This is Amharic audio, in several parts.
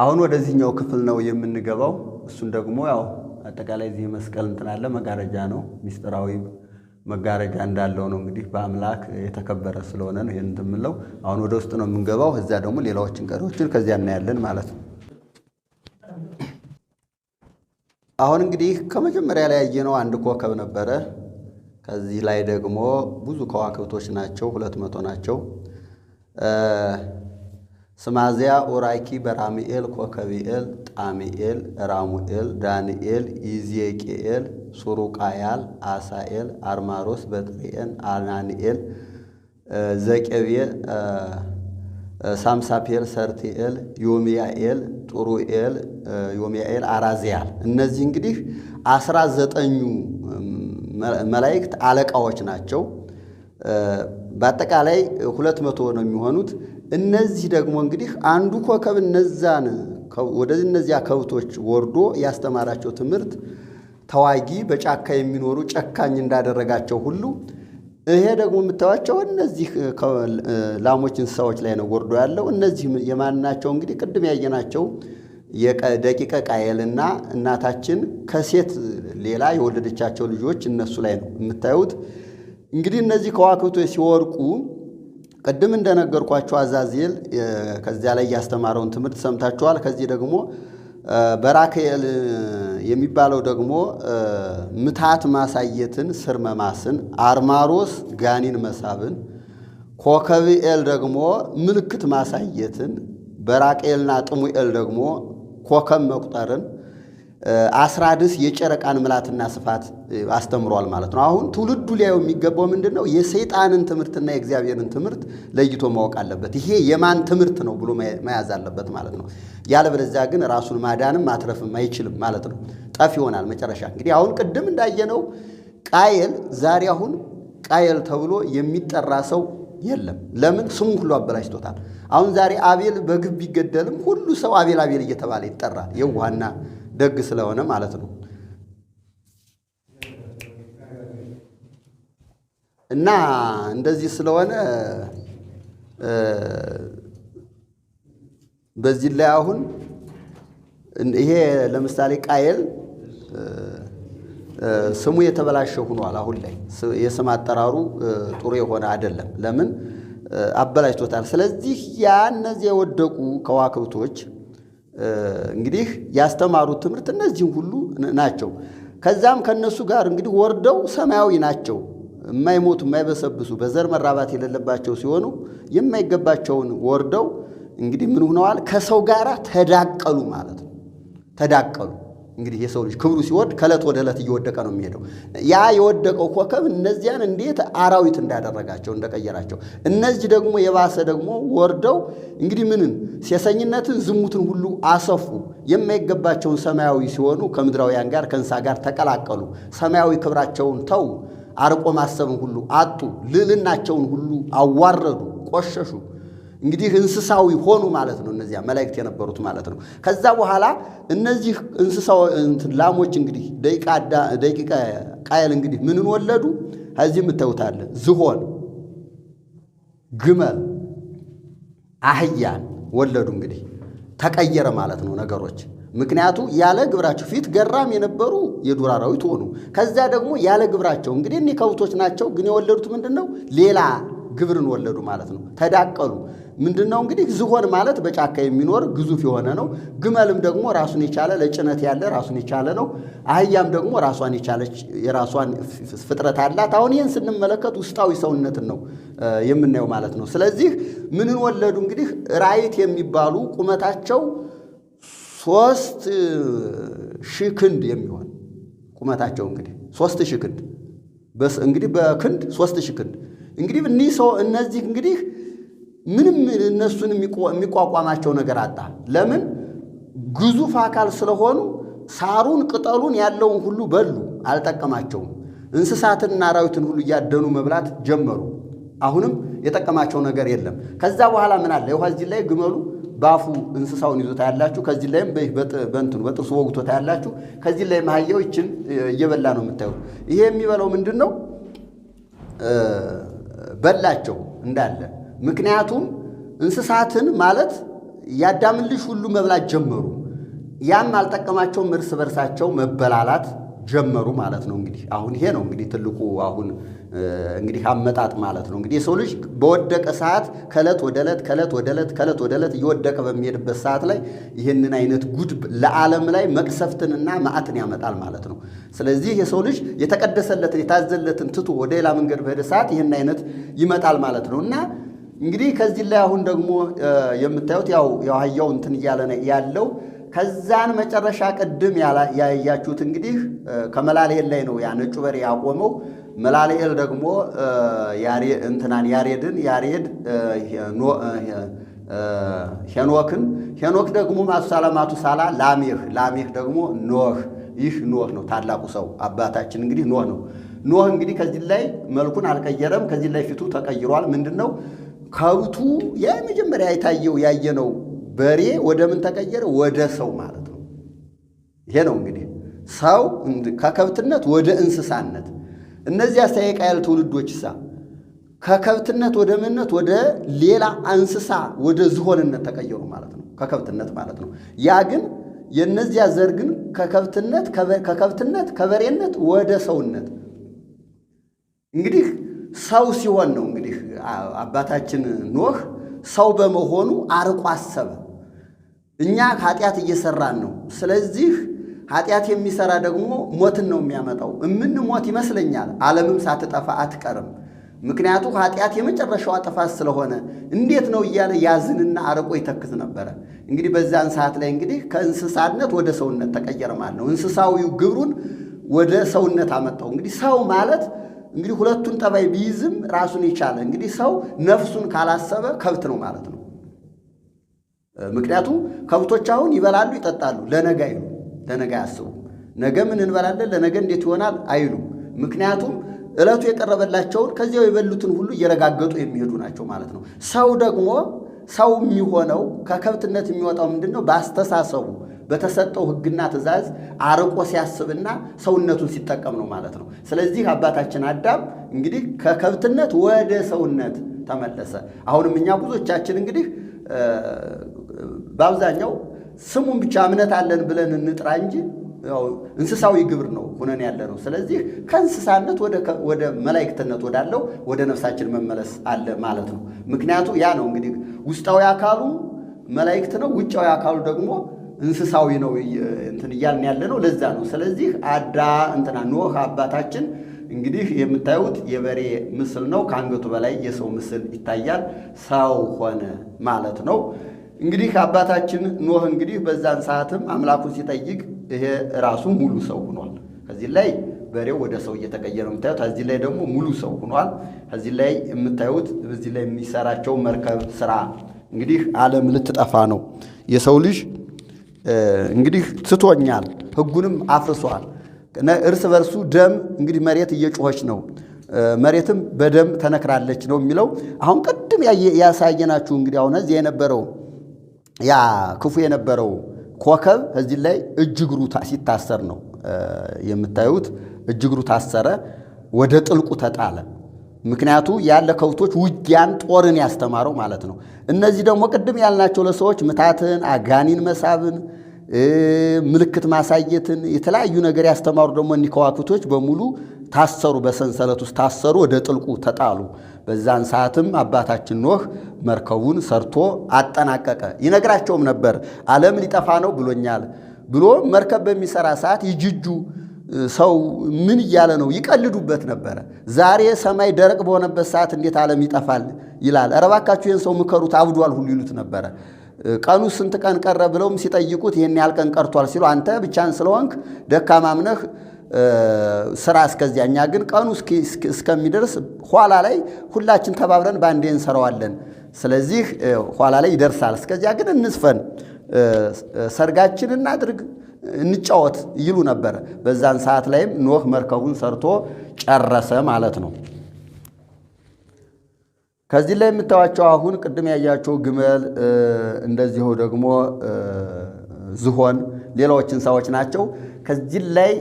አሁን ወደዚህኛው ክፍል ነው የምንገባው። እሱን ደግሞ ያው አጠቃላይ እዚህ መስቀል እንትን አለ መጋረጃ ነው፣ ሚስጥራዊ መጋረጃ እንዳለው ነው እንግዲህ በአምላክ የተከበረ ስለሆነ ነው ይህን እንትን አሁን ወደ ውስጥ ነው የምንገባው። እዚያ ደግሞ ሌላዎችን ቀሪዎችን ከዚያ እናያለን ማለት ነው። አሁን እንግዲህ ከመጀመሪያ ላይ ያየነው አንድ ኮከብ ነበረ። ከዚህ ላይ ደግሞ ብዙ ከዋክብቶች ናቸው፣ ሁለት መቶ ናቸው። ስማዚያ ኡራኪ በራሚኤል ኮከቢኤል ጣሚኤል ራሙኤል ዳንኤል ኢዜቄኤል ሱሩቃያል አሳኤል አርማሮስ በጥሬኤን አናንኤል ዘቄቤ ሳምሳፔል ሰርቲኤል ዮሚያኤል ጥሩኤል ዮሚያኤል አራዚያል እነዚህ እንግዲህ አስራ ዘጠኙ መላእክት አለቃዎች ናቸው። በአጠቃላይ ሁለት መቶ ነው የሚሆኑት። እነዚህ ደግሞ እንግዲህ አንዱ ኮከብ እነዛን ወደ እነዚያ ከብቶች ወርዶ ያስተማራቸው ትምህርት ተዋጊ በጫካ የሚኖሩ ጨካኝ እንዳደረጋቸው ሁሉ ይሄ ደግሞ የምታዩቸው እነዚህ ላሞች እንስሳዎች ላይ ነው ወርዶ ያለው። እነዚህ የማናቸው እንግዲህ ቅድም ያየናቸው ደቂቀ ቃየልና እናታችን ከሴት ሌላ የወለደቻቸው ልጆች እነሱ ላይ ነው የምታዩት። እንግዲህ እነዚህ ከዋክብቶች ሲወርቁ ቅድም እንደነገርኳችሁ አዛዚል ከዚያ ላይ ያስተማረውን ትምህርት ሰምታችኋል። ከዚህ ደግሞ በራክኤል የሚባለው ደግሞ ምታት ማሳየትን፣ ስር መማስን፣ አርማሮስ ጋኒን መሳብን፣ ኮከብኤል ደግሞ ምልክት ማሳየትን፣ በራቅኤልና ጥሙኤል ደግሞ ኮከብ መቁጠርን አስራድስ የጨረቃን ምላትና ስፋት አስተምሯል ማለት ነው። አሁን ትውልዱ ሊያየው የሚገባው ምንድን ነው? የሰይጣንን ትምህርትና የእግዚአብሔርን ትምህርት ለይቶ ማወቅ አለበት። ይሄ የማን ትምህርት ነው ብሎ መያዝ አለበት ማለት ነው። ያለበለዚያ ግን ራሱን ማዳንም ማትረፍም አይችልም ማለት ነው። ጠፍ ይሆናል መጨረሻ። እንግዲህ አሁን ቅድም እንዳየነው ቃየል ዛሬ አሁን ቃየል ተብሎ የሚጠራ ሰው የለም። ለምን? ስሙን ሁሉ አበላሽቶታል። አሁን ዛሬ አቤል በግብ ቢገደልም ሁሉ ሰው አቤል አቤል እየተባለ ይጠራል። የዋና ደግ ስለሆነ ማለት ነው። እና እንደዚህ ስለሆነ በዚህ ላይ አሁን ይሄ ለምሳሌ ቃየል ስሙ የተበላሸ ሆኗል። አሁን ላይ የስም አጠራሩ ጥሩ የሆነ አይደለም። ለምን አበላሽቶታል። ስለዚህ ያ እነዚህ የወደቁ ከዋክብቶች እንግዲህ ያስተማሩት ትምህርት እነዚህም ሁሉ ናቸው። ከዛም ከነሱ ጋር እንግዲህ ወርደው ሰማያዊ ናቸው የማይሞቱ የማይበሰብሱ በዘር መራባት የሌለባቸው ሲሆኑ የማይገባቸውን ወርደው እንግዲህ ምን ሆነዋል? ከሰው ጋር ተዳቀሉ ማለት ነው። ተዳቀሉ እንግዲህ የሰው ልጅ ክብሩ ሲወድ ከእለት ወደ እለት እየወደቀ ነው የሚሄደው። ያ የወደቀው ኮከብ እነዚያን እንዴት አራዊት እንዳደረጋቸው እንደቀየራቸው፣ እነዚህ ደግሞ የባሰ ደግሞ ወርደው እንግዲህ ምንን ሴሰኝነትን፣ ዝሙትን ሁሉ አሰፉ። የማይገባቸውን ሰማያዊ ሲሆኑ ከምድራውያን ጋር ከእንሳ ጋር ተቀላቀሉ። ሰማያዊ ክብራቸውን ተው አርቆ ማሰብን ሁሉ አጡ። ልዕልናቸውን ሁሉ አዋረዱ፣ ቆሸሹ። እንግዲህ እንስሳዊ ሆኑ ማለት ነው። እነዚያ መላእክት የነበሩት ማለት ነው። ከዛ በኋላ እነዚህ እንስሳ ላሞች እንግዲህ ደቂቀ ቃየል እንግዲህ ምንን ወለዱ? እዚህ የምታዩታለ ዝሆን፣ ግመል፣ አህያን ወለዱ። እንግዲህ ተቀየረ ማለት ነው ነገሮች ምክንያቱ ያለ ግብራቸው ፊት ገራም የነበሩ የዱር አራዊት ሆኑ። ከዛ ደግሞ ያለ ግብራቸው እንግዲህ እኒህ ከብቶች ናቸው፣ ግን የወለዱት ምንድን ነው? ሌላ ግብርን ወለዱ ማለት ነው። ተዳቀሉ። ምንድን ነው እንግዲህ ዝሆን ማለት በጫካ የሚኖር ግዙፍ የሆነ ነው። ግመልም ደግሞ ራሱን የቻለ ለጭነት ያለ ራሱን የቻለ ነው። አህያም ደግሞ ራሷን የቻለች የራሷን ፍጥረት አላት። አሁን ይህን ስንመለከት ውስጣዊ ሰውነትን ነው የምናየው ማለት ነው። ስለዚህ ምንን ወለዱ እንግዲህ ራይት የሚባሉ ቁመታቸው ሶስት ሺህ ክንድ የሚሆን ቁመታቸው እንግዲህ ሶስት ሺህ ክንድ እንግዲህ በክንድ ሶስት ሺህ ክንድ እንግዲህ እኒህ ሰው እነዚህ እንግዲህ ምንም እነሱን የሚቋቋማቸው ነገር አጣ። ለምን? ግዙፍ አካል ስለሆኑ ሳሩን ቅጠሉን ያለውን ሁሉ በሉ፣ አልጠቀማቸውም። እንስሳትንና አራዊትን ሁሉ እያደኑ መብላት ጀመሩ። አሁንም የጠቀማቸው ነገር የለም። ከዛ በኋላ ምን አለ? ይኸው እዚህ ላይ ግመሉ በአፉ እንስሳውን ይዞታ ያላችሁ፣ ከዚህ ላይም በእንትኑ በጥርሱ ወግቶታ ያላችሁ፣ ከዚህ ላይ አህያው ይችን እየበላ ነው የምታዩት። ይሄ የሚበላው ምንድን ነው? በላቸው እንዳለ ምክንያቱም እንስሳትን ማለት የአዳምን ልጅ ሁሉ መብላት ጀመሩ። ያም አልጠቀማቸውም፣ እርስ በርሳቸው መበላላት ጀመሩ ማለት ነው። እንግዲህ አሁን ይሄ ነው እንግዲህ ትልቁ አሁን እንግዲህ አመጣጥ ማለት ነው። እንግዲህ የሰው ልጅ በወደቀ ሰዓት ከእለት ወደ ዕለት ከእለት ወደ ዕለት ከእለት ወደ ዕለት እየወደቀ በሚሄድበት ሰዓት ላይ ይህንን አይነት ጉድ ለዓለም ላይ መቅሰፍትንና ማዕትን ያመጣል ማለት ነው። ስለዚህ የሰው ልጅ የተቀደሰለትን የታዘለትን ትቶ ወደ ሌላ መንገድ በሄደ ሰዓት ይህን አይነት ይመጣል ማለት ነው እና እንግዲህ ከዚህ ላይ አሁን ደግሞ የምታዩት ያው የአህያው እንትን እያለ ያለው ከዛን መጨረሻ ቅድም ያያችሁት እንግዲህ ከመላልኤል ላይ ነው ያ ነጩ በሬ ያቆመው። መላልኤል ደግሞ እንትናን ያሬድን ያሬድ ሄኖክን ሄኖክ ደግሞ ማቱሳላ ማቱሳላ ላሜህ ላሜህ ደግሞ ኖህ ይህ ኖህ ነው ታላቁ ሰው አባታችን እንግዲህ ኖህ ነው። ኖህ እንግዲህ ከዚህ ላይ መልኩን አልቀየረም። ከዚህ ላይ ፊቱ ተቀይሯል። ምንድን ነው ከብቱ የመጀመሪያ የታየው ያየነው በሬ ወደ ምን ተቀየረ? ወደ ሰው ማለት ነው። ይሄ ነው እንግዲህ ሰው ከከብትነት ወደ እንስሳነት። እነዚህ አስተያየቃ ያል ትውልዶችሳ ከከብትነት ወደ ምንነት ወደ ሌላ እንስሳ ወደ ዝሆንነት ተቀየሩ ማለት ነው። ከከብትነት ማለት ነው። ያ ግን የእነዚያ ዘር ግን ከከብትነት ከበሬነት ወደ ሰውነት እንግዲህ ሰው ሲሆን ነው። እንግዲህ አባታችን ኖህ ሰው በመሆኑ አርቆ አሰበ። እኛ ኃጢአት እየሰራን ነው። ስለዚህ ኃጢአት የሚሰራ ደግሞ ሞትን ነው የሚያመጣው። እምን ሞት ይመስለኛል። ዓለምም ሳትጠፋ አትቀርም። ምክንያቱ ኃጢአት የመጨረሻዋ ጥፋት ስለሆነ እንዴት ነው እያለ ያዝንና አርቆ ይተክዝ ነበረ። እንግዲህ በዛን ሰዓት ላይ እንግዲህ ከእንስሳነት ወደ ሰውነት ተቀየረ ማለት ነው። እንስሳዊው ግብሩን ወደ ሰውነት አመጣው። እንግዲህ ሰው ማለት እንግዲህ ሁለቱን ጠባይ ቢይዝም ራሱን የቻለ እንግዲህ ሰው ነፍሱን ካላሰበ ከብት ነው ማለት ነው። ምክንያቱም ከብቶች አሁን ይበላሉ፣ ይጠጣሉ፣ ለነገ አይሉ ለነገ አያስቡ። ነገ ምን እንበላለን፣ ለነገ እንዴት ይሆናል አይሉ። ምክንያቱም እለቱ የቀረበላቸውን ከዚያው የበሉትን ሁሉ እየረጋገጡ የሚሄዱ ናቸው ማለት ነው። ሰው ደግሞ ሰው የሚሆነው ከከብትነት የሚወጣው ምንድን ነው? በአስተሳሰቡ በተሰጠው ሕግና ትእዛዝ አርቆ ሲያስብና ሰውነቱን ሲጠቀም ነው ማለት ነው። ስለዚህ አባታችን አዳም እንግዲህ ከከብትነት ወደ ሰውነት ተመለሰ። አሁንም እኛ ብዙዎቻችን እንግዲህ በአብዛኛው ስሙን ብቻ እምነት አለን ብለን እንጥራ እንጂ እንስሳዊ ግብር ነው ሁነን ያለ ነው። ስለዚህ ከእንስሳነት ወደ መላእክትነት ወዳለው ወደ ነፍሳችን መመለስ አለ ማለት ነው። ምክንያቱ ያ ነው እንግዲህ ውስጣዊ አካሉ መላእክት ነው፣ ውጫዊ አካሉ ደግሞ እንስሳዊ ነው እንትን እያልን ያለ ነው። ለዛ ነው። ስለዚህ አዳ እንትና ኖህ አባታችን እንግዲህ የምታዩት የበሬ ምስል ነው። ከአንገቱ በላይ የሰው ምስል ይታያል። ሰው ሆነ ማለት ነው። እንግዲህ አባታችን ኖህ እንግዲህ በዛን ሰዓትም አምላኩን ሲጠይቅ ይሄ ራሱ ሙሉ ሰው ሆኗል። ከዚህ ላይ በሬው ወደ ሰው እየተቀየረ የምታዩት፣ ከዚህ ላይ ደግሞ ሙሉ ሰው ሆኗል። ከዚህ ላይ የምታዩት በዚህ ላይ የሚሰራቸው መርከብ ስራ እንግዲህ ዓለም ልትጠፋ ነው የሰው ልጅ እንግዲህ ትቶኛል፣ ህጉንም አፍርሷል። እርስ በርሱ ደም እንግዲህ መሬት እየጮኸች ነው፣ መሬትም በደም ተነክራለች ነው የሚለው። አሁን ቅድም ያሳየናችሁ እንግዲህ አሁን እዚህ የነበረው ያ ክፉ የነበረው ኮከብ እዚህ ላይ እጅግሩ ሲታሰር ነው የምታዩት። እጅግሩ ታሰረ፣ ወደ ጥልቁ ተጣለ። ምክንያቱ ያለ ከብቶች ውጊያን ጦርን ያስተማረው ማለት ነው። እነዚህ ደግሞ ቅድም ያልናቸው ለሰዎች ምታትን፣ አጋኒን መሳብን፣ ምልክት ማሳየትን የተለያዩ ነገር ያስተማሩ ደግሞ እኒህ ከዋክብቶች በሙሉ ታሰሩ፣ በሰንሰለት ውስጥ ታሰሩ፣ ወደ ጥልቁ ተጣሉ። በዛን ሰዓትም አባታችን ኖህ መርከቡን ሰርቶ አጠናቀቀ። ይነግራቸውም ነበር ዓለም ሊጠፋ ነው ብሎኛል ብሎ መርከብ በሚሰራ ሰዓት ይጅጁ ሰው ምን እያለ ነው? ይቀልዱበት ነበረ። ዛሬ ሰማይ ደረቅ በሆነበት ሰዓት እንዴት ዓለም ይጠፋል ይላል። ኧረ እባካችሁ ይህን ሰው ምከሩት፣ አብዷል ሁሉ ይሉት ነበረ። ቀኑ ስንት ቀን ቀረ ብለውም ሲጠይቁት ይህን ያህል ቀን ቀርቷል ሲሉ አንተ ብቻን ስለሆንክ ደካማም ነህ ስራ እስከዚያ፣ እኛ ግን ቀኑ እስከሚደርስ ኋላ ላይ ሁላችን ተባብረን በአንዴ እንሰራዋለን። ስለዚህ ኋላ ላይ ይደርሳል። እስከዚያ ግን እንስፈን፣ ሰርጋችን እናድርግ እንጫወት ይሉ ነበረ። በዛን ሰዓት ላይም ኖህ መርከቡን ሰርቶ ጨረሰ ማለት ነው። ከዚህ ላይ የምታዩቸው አሁን ቅድም ያያቸው ግመል፣ እንደዚሁ ደግሞ ዝሆን፣ ሌላዎች እንስሳዎች ናቸው። ከዚህ ላይ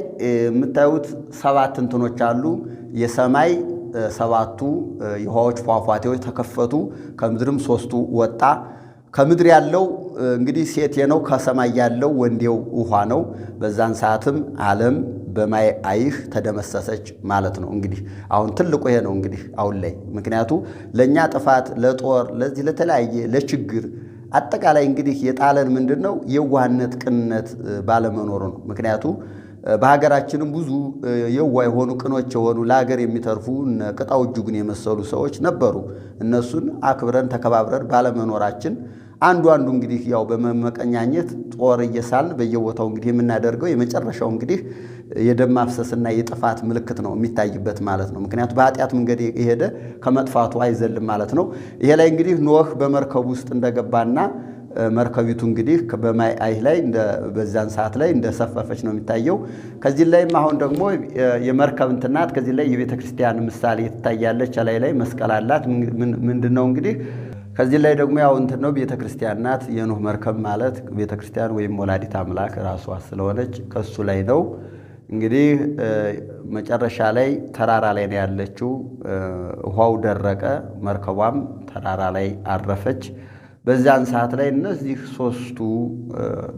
የምታዩት ሰባት እንትኖች አሉ። የሰማይ ሰባቱ የውሃዎች ፏፏቴዎች ተከፈቱ፣ ከምድርም ሶስቱ ወጣ። ከምድር ያለው እንግዲህ ሴቴ ነው፣ ከሰማይ ያለው ወንዴው ውኃ ነው። በዛን ሰዓትም ዓለም በማይ አይህ ተደመሰሰች ማለት ነው። እንግዲህ አሁን ትልቁ ይሄ ነው እንግዲህ አሁን ላይ ምክንያቱ ለእኛ ጥፋት፣ ለጦር፣ ለዚህ ለተለያየ ለችግር አጠቃላይ እንግዲህ የጣለን ምንድን ነው የዋህነት፣ ቅንነት ባለመኖሩ ነው ምክንያቱ በሀገራችንም ብዙ የዋ የሆኑ ቅኖች የሆኑ ለሀገር የሚተርፉ ቅጣው እጅጉን የመሰሉ ሰዎች ነበሩ። እነሱን አክብረን ተከባብረን ባለመኖራችን አንዱ አንዱ እንግዲህ ያው በመመቀኛኘት ጦር እየሳልን በየቦታው እንግዲህ የምናደርገው የመጨረሻው እንግዲህ የደም ማፍሰስና የጥፋት ምልክት ነው የሚታይበት ማለት ነው። ምክንያቱም በኃጢአት መንገድ የሄደ ከመጥፋቱ አይዘልም ማለት ነው። ይሄ ላይ እንግዲህ ኖህ በመርከብ ውስጥ እንደገባና መርከቢቱ እንግዲህ በማይ ላይ በዛን ሰዓት ላይ እንደሰፈፈች ነው የሚታየው። ከዚህ ላይም አሁን ደግሞ የመርከብ እንትናት ከዚህ ላይ የቤተ ክርስቲያን ምሳሌ ትታያለች። ላይ ላይ መስቀል አላት። ምንድን ነው እንግዲህ ከዚህ ላይ ደግሞ ያው እንትን ነው ቤተ ክርስቲያን ናት። የኖህ መርከብ ማለት ቤተ ክርስቲያን ወይም ወላዲት አምላክ ራሷ ስለሆነች ከሱ ላይ ነው እንግዲህ መጨረሻ ላይ ተራራ ላይ ነው ያለችው። ውሃው ደረቀ፣ መርከቧም ተራራ ላይ አረፈች። በዚያን ሰዓት ላይ እነዚህ ሶስቱ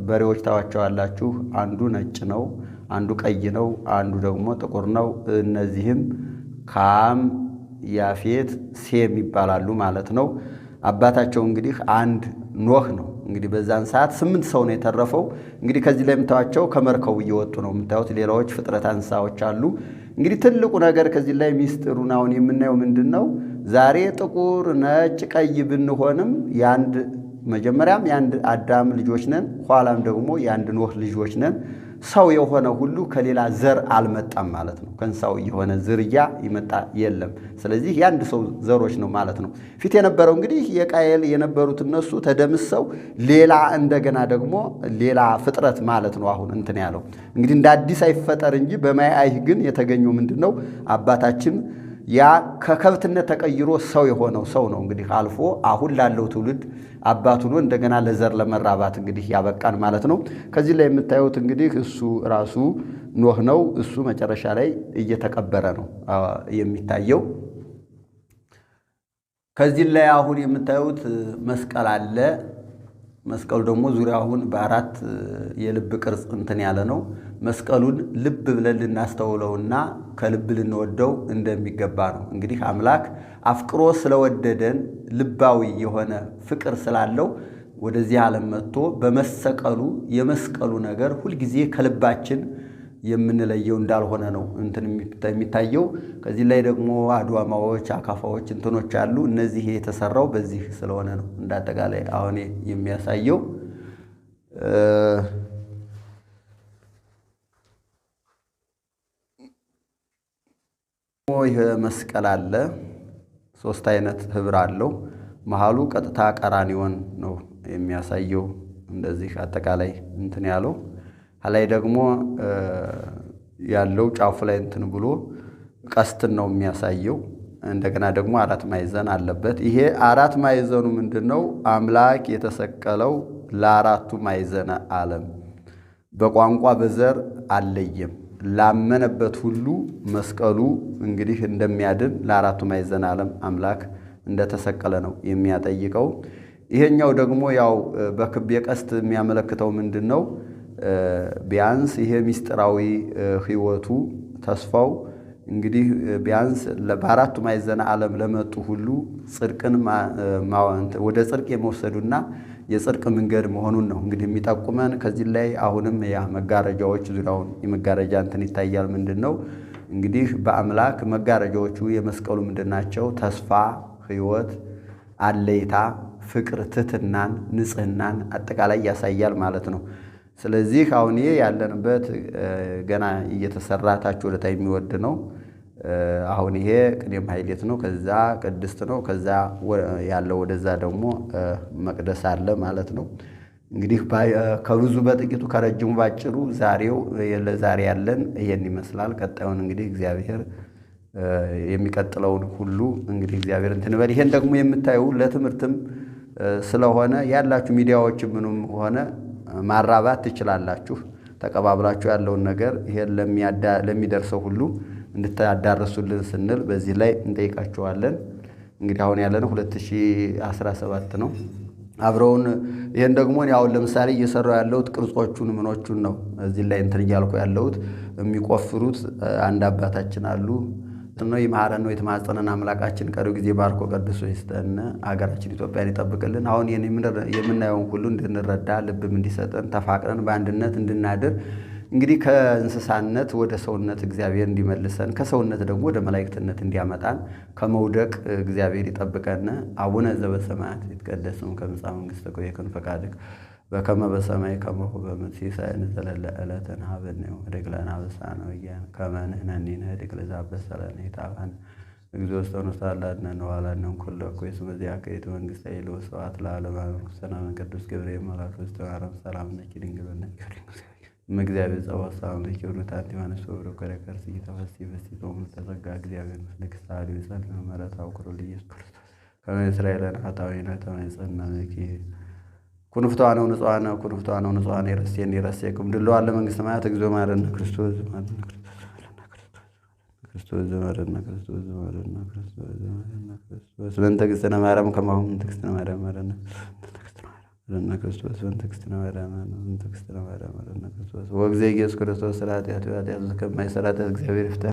በሬዎች ታዋቸዋላችሁ። አንዱ ነጭ ነው፣ አንዱ ቀይ ነው፣ አንዱ ደግሞ ጥቁር ነው። እነዚህም ካም፣ ያፌት፣ ሴም ይባላሉ ማለት ነው። አባታቸው እንግዲህ አንድ ኖህ ነው። እንግዲህ በዛን ሰዓት ስምንት ሰው ነው የተረፈው። እንግዲህ ከዚህ ላይ የምታዩቸው ከመርከቡ እየወጡ ነው የምታዩት። ሌላዎች ፍጥረት እንስሳዎች አሉ። እንግዲህ ትልቁ ነገር ከዚህ ላይ ሚስጥሩን አሁን የምናየው ምንድን ነው? ዛሬ ጥቁር፣ ነጭ፣ ቀይ ብንሆንም የአንድ መጀመሪያም የአንድ አዳም ልጆች ነን፣ ኋላም ደግሞ የአንድ ኖህ ልጆች ነን። ሰው የሆነ ሁሉ ከሌላ ዘር አልመጣም ማለት ነው። ከእንስሳው የሆነ ዝርያ ይመጣ የለም። ስለዚህ የአንድ ሰው ዘሮች ነው ማለት ነው። ፊት የነበረው እንግዲህ የቃየል የነበሩት እነሱ ተደምሰው ሌላ እንደገና ደግሞ ሌላ ፍጥረት ማለት ነው። አሁን እንትን ያለው እንግዲህ እንደ አዲስ አይፈጠር እንጂ በማይአይህ ግን የተገኘው ምንድን ነው አባታችን ያ ከከብትነት ተቀይሮ ሰው የሆነው ሰው ነው እንግዲህ አልፎ አሁን ላለው ትውልድ አባቱን እንደገና ለዘር ለመራባት እንግዲህ ያበቃን ማለት ነው። ከዚህ ላይ የምታዩት እንግዲህ እሱ ራሱ ኖህ ነው። እሱ መጨረሻ ላይ እየተቀበረ ነው የሚታየው። ከዚህ ላይ አሁን የምታዩት መስቀል አለ። መስቀሉ ደግሞ ዙሪያውን በአራት የልብ ቅርጽ እንትን ያለ ነው። መስቀሉን ልብ ብለን ልናስተውለውና ከልብ ልንወደው እንደሚገባ ነው። እንግዲህ አምላክ አፍቅሮ ስለወደደን ልባዊ የሆነ ፍቅር ስላለው ወደዚህ ዓለም መጥቶ በመሰቀሉ የመስቀሉ ነገር ሁልጊዜ ከልባችን የምንለየው እንዳልሆነ ነው እንትን የሚታየው። ከዚህ ላይ ደግሞ አድዋማዎች፣ አካፋዎች፣ እንትኖች አሉ። እነዚህ የተሰራው በዚህ ስለሆነ ነው። እንዳጠቃላይ አሁን የሚያሳየው ይህ መስቀል አለ። ሶስት አይነት ህብር አለው። መሀሉ ቀጥታ ቀራኒዮን ነው የሚያሳየው። እንደዚህ አጠቃላይ እንትን ያለው ላይ ደግሞ ያለው ጫፉ ላይ እንትን ብሎ ቀስትን ነው የሚያሳየው። እንደገና ደግሞ አራት ማዕዘን አለበት። ይሄ አራት ማዕዘኑ ምንድን ነው? አምላክ የተሰቀለው ለአራቱ ማዕዘነ ዓለም በቋንቋ በዘር አለየም። ላመነበት ሁሉ መስቀሉ እንግዲህ እንደሚያድን ለአራቱ ማዕዘነ ዓለም አምላክ እንደተሰቀለ ነው የሚያጠይቀው። ይሄኛው ደግሞ ያው በክብ የቀስት የሚያመለክተው ምንድን ነው? ቢያንስ ይሄ ሚስጢራዊ ህይወቱ ተስፋው እንግዲህ ቢያንስ በአራቱ ማዕዘነ ዓለም ለመጡ ሁሉ ጽድቅን ወደ ጽድቅ የመውሰዱና የጽድቅ መንገድ መሆኑን ነው እንግዲህ የሚጠቁመን። ከዚህ ላይ አሁንም ያ መጋረጃዎች ዙሪያውን የመጋረጃ እንትን ይታያል። ምንድን ነው እንግዲህ በአምላክ መጋረጃዎቹ የመስቀሉ ምንድን ናቸው? ተስፋ፣ ህይወት አለይታ፣ ፍቅር፣ ትትናን፣ ንጽህናን አጠቃላይ ያሳያል ማለት ነው። ስለዚህ አሁን ይሄ ያለንበት ገና እየተሰራ ታች ወደታ የሚወድ ነው። አሁን ይሄ ቅኔም ሀይሌት ነው። ከዛ ቅድስት ነው። ከዛ ያለው ወደዛ ደግሞ መቅደስ አለ ማለት ነው። እንግዲህ ከብዙ በጥቂቱ ከረጅሙ ባጭሩ ዛሬው ለዛሬ ያለን ይሄን ይመስላል። ቀጣዩን እንግዲህ እግዚአብሔር የሚቀጥለውን ሁሉ እንግዲህ እግዚአብሔር እንትን በል። ይሄን ደግሞ የምታዩ ለትምህርትም ስለሆነ ያላችሁ ሚዲያዎች ምንም ሆነ ማራባት ትችላላችሁ። ተቀባብላችሁ ያለውን ነገር ይሄን ለሚደርሰው ሁሉ እንድታዳረሱልን ስንል በዚህ ላይ እንጠይቃችኋለን። እንግዲህ አሁን ያለነው 2017 ነው። አብረውን ይህን ደግሞ አሁን ለምሳሌ እየሰራው ያለሁት ቅርጾቹን ምኖቹን ነው። እዚህ ላይ እንትን እያልኩ ያለሁት የሚቆፍሩት አንድ አባታችን አሉ ነው የማረ ነው የተማጸነን አምላካችን ቀሪ ጊዜ ባርኮ ቀድሶ ይስጠን፣ አገራችን ኢትዮጵያን ይጠብቅልን። አሁን የምናየውን ሁሉ እንድንረዳ ልብም እንዲሰጠን ተፋቅረን በአንድነት እንድናድር እንግዲህ ከእንስሳነት ወደ ሰውነት እግዚአብሔር እንዲመልሰን ከሰውነት ደግሞ ወደ መላእክትነት እንዲያመጣን ከመውደቅ እግዚአብሔር ይጠብቀን። አቡነ ዘበሰማያት ይትቀደስ ስምከ ትምጻእ መንግሥትከ ወይኩን ፈቃድከ በከመ በሰማይ ከማሁ በምድር ሲሳየነ ዘለለ ዕለትነ ሀበነ ዮም ኅድግ ለነ አበሳነ ወጌጋየነ ከመ ንሕነኒ ንኅድግ ለዘአበሰለነ ኢታብአነ እግዚኦ ውስተ ሀላነ ወሀላነ እንኩሎ እስመ ዚአከ ይእቲ መንግሥተ ኢሉ ወስብሐት ለዓለሙ አሜን። ሰላም ቅዱስ ገብርኤል መልአክ ውስተ ማርያም ሰላም ነኪ ድንግል ነኪ እምእግዚአብሔር ጸወት ሳምንት ኪሩታ ዮሐንስ ወብሮ ከረከር ሲተፈስ ይበስ ይጾሙ ተዘጋ እግዚአብሔር ምስለ ክሳሪ ጸን መረት አውቅሮ ለኢየሱስ ክርስቶስ ከመ እስራኤልን አጣዊነ ተመይጸና ዘኪ ኩንፍቷን ነው ንጹሐ ነው ኩንፍቷን ነው ንጹሐ ነው የረሴን የረሴ ኩም ድለዋል ለመንግስተ ማያት እግዚኦ ማረነ ክርስቶስ ማረነ ክርስቶስ ዘመረና ክርስቶስ ዘመረና ክርስቶስ ዘመረና ክርስቶስ በእንተ እግዝእትነ ማርያም ከማሁ እምእንተ እግዝእትነ ማርያም ማረነ እለነ ክርስቶስ ነው እግዝእትነ ማርያም በእንተ ነው ማርያም እለነ ክርስቶስ ወእግዚእ ኢየሱስ ክርስቶስ ኃጢአት ኃጢአት ከማይሰራ እግዚአብሔር ይፍታ።